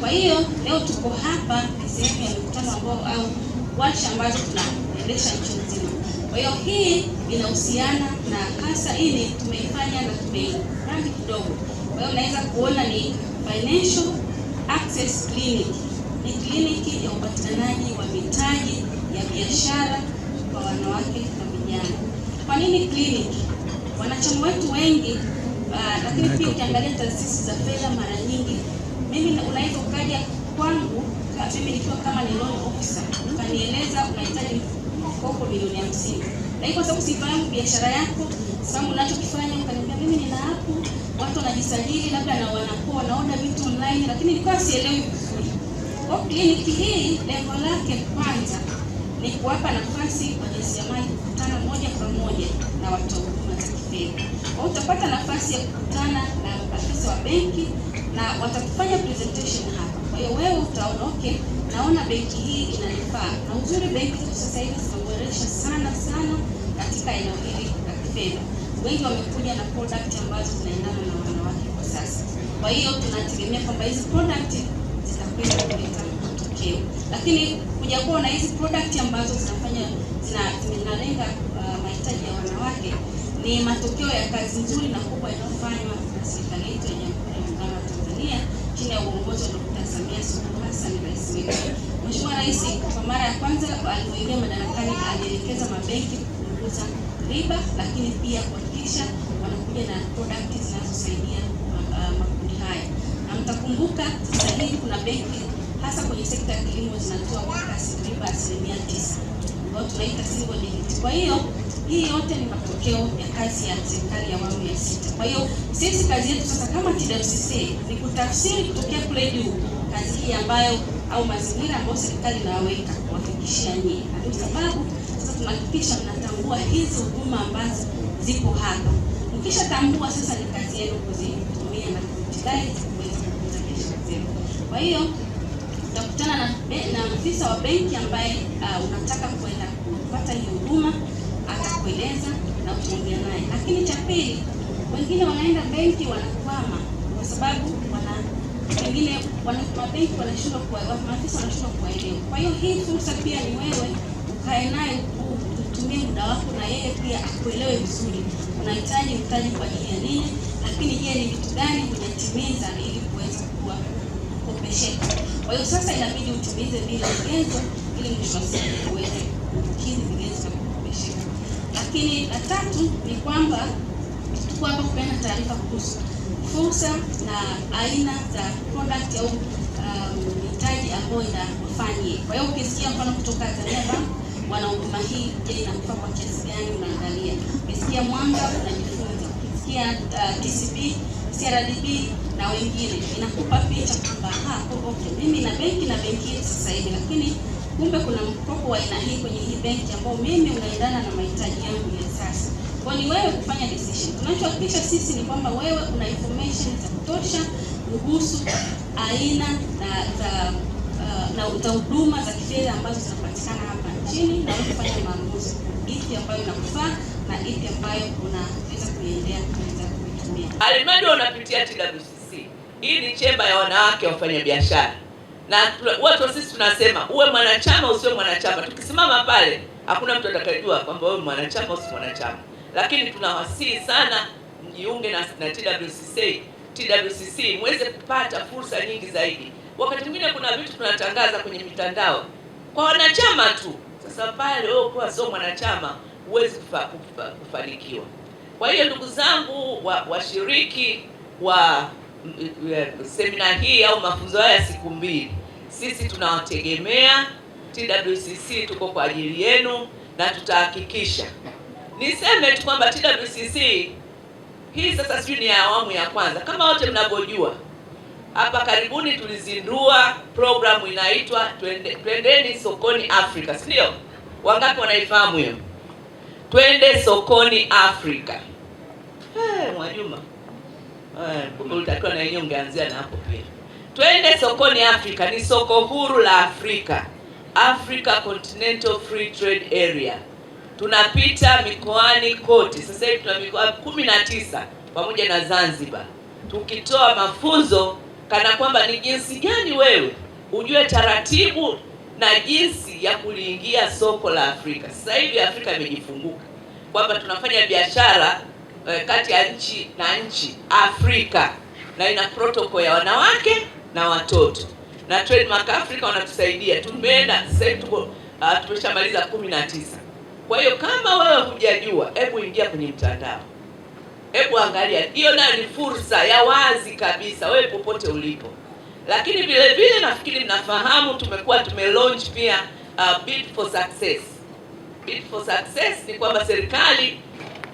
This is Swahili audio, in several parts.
Kwa hiyo leo tuko hapa, ni sehemu ya mkutano ambao au washa ambazo tunaendesha nchi nzima. Kwa hiyo hii inahusiana na kasa, ili tumeifanya na tumeirangi kidogo. Kwa hiyo unaweza kuona ni financial access clinic, ni kliniki ya upatikanaji wa mitaji ya biashara kwa wanawake na vijana. Kwa nini kliniki? Wanachama wetu wengi, uh, lakini pia ukiangalia taasisi za fedha mara nyingi mimi unaweza ukaja kwangu mimi nikiwa kama ni loan officer, ukanieleza unahitaji mkopo milioni hamsini, lakini kwa sababu sifahamu biashara yako, sababu unachokifanya, ukaniambia mimi nina hapo watu wanajisajili labda na wanakuwa wanaona vitu online, lakini nilikuwa sielewi. Kwa kliniki hii lengo lake kwanza ni kuwapa nafasi wajasiriamali kukutana moja kwa moja na watoa huduma za kifedha. Kwa utapata nafasi ya kukutana na afisa wa benki na watakufanya presentation hapa. Kwa hiyo wewe utaona okay, naona benki hii inanifaa. Na uzuri benki zetu sasa hivi zimeboresha sana sana katika eneo hili la kifedha. Wengi wamekuja na product ambazo zinaendana na wanawake kwa sasa. Kwa hiyo tunategemea kwamba hizi product zitakwenda kuleta matokeo, lakini kuja kuwa na hizi product ambazo zinafanya zinalenga uh, mahitaji ya wanawake ni matokeo ya kazi nzuri na kubwa inayofanywa na serikali yetu ya Jamhuri ya Muungano Tanzania chini ya uongozi wa Dkt. Samia Suluhu Hassan, rais wetu. Mheshimiwa Rais kwa mara ya kwanza alipoingia madarakani alielekeza mabenki kupunguza riba, lakini pia kuhakikisha wanakuja na product zinazosaidia uh, makundi haya, na mtakumbuka sasa hivi kuna benki hasa kwenye sekta ya kilimo zinatoa kwa kasi riba asilimia tisa ambayo tunaita single digit. Kwa hiyo hii yote ni matokeo ya kazi ya serikali ya awamu ya sita. Kwa hiyo sisi kazi yetu sasa kama TWCC ni kutafsiri kutokea kule juu kazi hii ambayo au mazingira ambayo serikali inaweka kuhakikishia nyinyi, na ndio sababu sasa tunahakikisha mnatambua hizi huduma ambazo zipo hapa. tambua sasa, ni kazi yenu kuzitumia na kuzitimiza kuweza kukuza biashara zenu. Kwa hiyo utakutana na na afisa wa benki ambaye uh, unataka kwenda kupata hii huduma atakueleza na utaongea naye. Lakini cha pili, wengine wanaenda benki wanakwama kwa sababu wana wengine mabenki wanashindwa kwa maafisa wanashindwa kuwaelewa. Kwa hiyo hii fursa pia ni wewe ukae naye utumie muda wako na yeye pia akuelewe vizuri, unahitaji mtaji kwa ajili ya nini, lakini je, ni vitu gani hujatimiza ili kuweza kuwa kopesheka Kwa hiyo sasa inabidi utimize vile vigezo ili mwisho wa siku uweze kukidhi vigezo lakini la tatu ni kwamba tuko hapa kupeana taarifa kuhusu fursa na aina za product au um, mitaji um, ambayo inafanye. Kwa hiyo ukisikia mfano kutoka Tanzania Bank wana huduma hii, je, inakufaa kwa kiasi gani? Unaangalia. Ukisikia Mwanga unajifunza, ukisikia uh, TCB CRDB na wengine, inakupa picha kwamba ha, ah, okay, mimi na benki na benki sasa hivi, lakini kumbe kuna mkopo wa aina hii kwenye hii benki ambao mimi unaendana na mahitaji yangu ya sasa. Kwa ni wewe kufanya decision. Tunachohakikisha sisi ni kwamba wewe una information za kutosha kuhusu aina na za uh, na za huduma za kifedha ambazo zinapatikana hapa nchini na wewe kufanya maamuzi ipi ambayo inakufaa na ipi ambayo unaweza kuiendea kuweza kuitumia. Alimadi unapitia TWCC. Hii ni chemba ya wanawake wafanya biashara na watu sisi tunasema uwe mwanachama usiwe mwanachama, tukisimama pale hakuna mtu atakayejua kwamba wewe mwanachama usi mwanachama, lakini tunawasihi sana mjiunge na, na TWCC TWCC muweze kupata fursa nyingi zaidi. Wakati mwingine kuna vitu tunatangaza kwenye mitandao kwa wanachama tu. Sasa pale wewe kwa sio mwanachama huwezi kufanikiwa. Kwa hiyo ndugu zangu, washiriki wa, wa, wa semina hii au mafunzo haya siku mbili sisi tunawategemea TWCC, tuko kwa ajili yenu na tutahakikisha. Niseme tu kwamba TWCC hii sasa sijui ni awamu ya kwanza, kama wote mnavyojua hapa karibuni tulizindua programu inaitwa Twende, Twendeni Sokoni Afrika, si ndio? Wangapi wanaifahamu hiyo? Twende Sokoni Afrika. Hey, eh, Mwajuma, hey, eh, kumbe utakiwa na yenyewe ungeanzia na hapo pia. Twende sokoni Afrika, ni soko huru la Afrika, Africa Continental Free Trade Area. Tunapita mikoani kote, sasa hivi tuna mikoa kumi na tisa pamoja na Zanzibar, tukitoa mafunzo kana kwamba ni jinsi gani wewe ujue taratibu na jinsi ya kuliingia soko la Afrika. Sasa hivi Afrika imejifunguka kwamba tunafanya biashara eh, kati ya nchi na nchi Afrika, na ina protokoli ya wanawake na watoto na Trademark Africa wanatusaidia. Tumeenda sasa hivi tuko uh, tumeshamaliza kumi na tisa. Kwa hiyo kama wewe hujajua, hebu ingia kwenye mtandao, hebu angalia. Hiyo nayo ni fursa ya wazi kabisa, wewe popote ulipo. Lakini vile vile nafikiri mnafahamu tumekuwa tumelaunch pia uh, bid for success. Bid for success ni kwamba serikali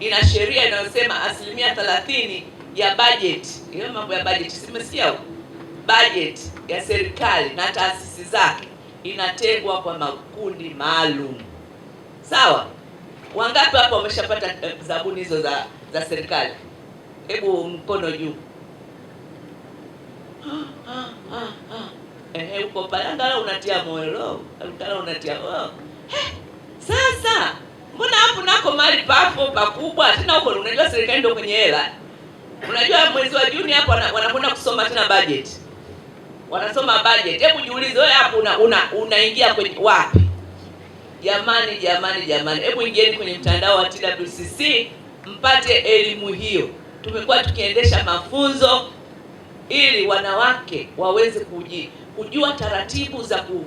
ina sheria inayosema asilimia 30 ya budget, Hiyo mambo ya budget simesikia huko budget ya serikali na taasisi zake inatengwa kwa makundi maalum. Sawa, wangapi hapo wameshapata eh, zabuni hizo za za serikali? Hebu mkono juu. Ehe, uko pale angalau unatia moyo, angalau unatia moyo. Sasa mbona hapo nako mali papo pakubwa tena huko, unajua serikali ndio kwenye hela. Unajua mwezi wa Juni hapo wanakwenda kusoma tena bajeti wanasoma budget. Hebu jiulize wewe hapo una unaingia una kwenye wapi? Jamani, jamani, jamani, hebu ingieni kwenye mtandao wa TWCC mpate elimu hiyo. Tumekuwa tukiendesha mafunzo ili wanawake waweze kuji, kujua taratibu za ku,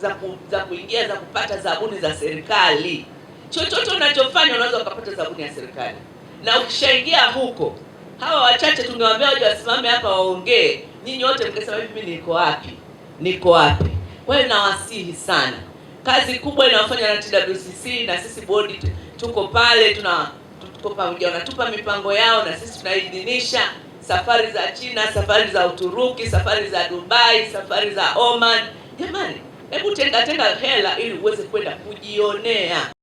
za, ku, za kuingia za kupata zabuni za serikali. Chochote unachofanya unaweza ukapata zabuni ya serikali, na ukishaingia huko, hawa wachache tungewaambia waje wasimame hapa waongee nyinyi wote mkasema hivi, mimi niko wapi? Niko wapi? Kwa hiyo nawasihi sana, kazi kubwa inayofanywa na TWCC na sisi bodi tuko pale, tuna tuko pamoja, wanatupa mipango yao na sisi tunaidhinisha safari za China, safari za Uturuki, safari za Dubai, safari za Oman. Jamani, hebu tenga tenga hela ili uweze kwenda kujionea.